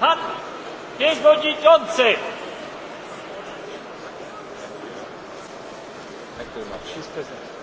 Pan Przewodniczący! Thank you very much. She's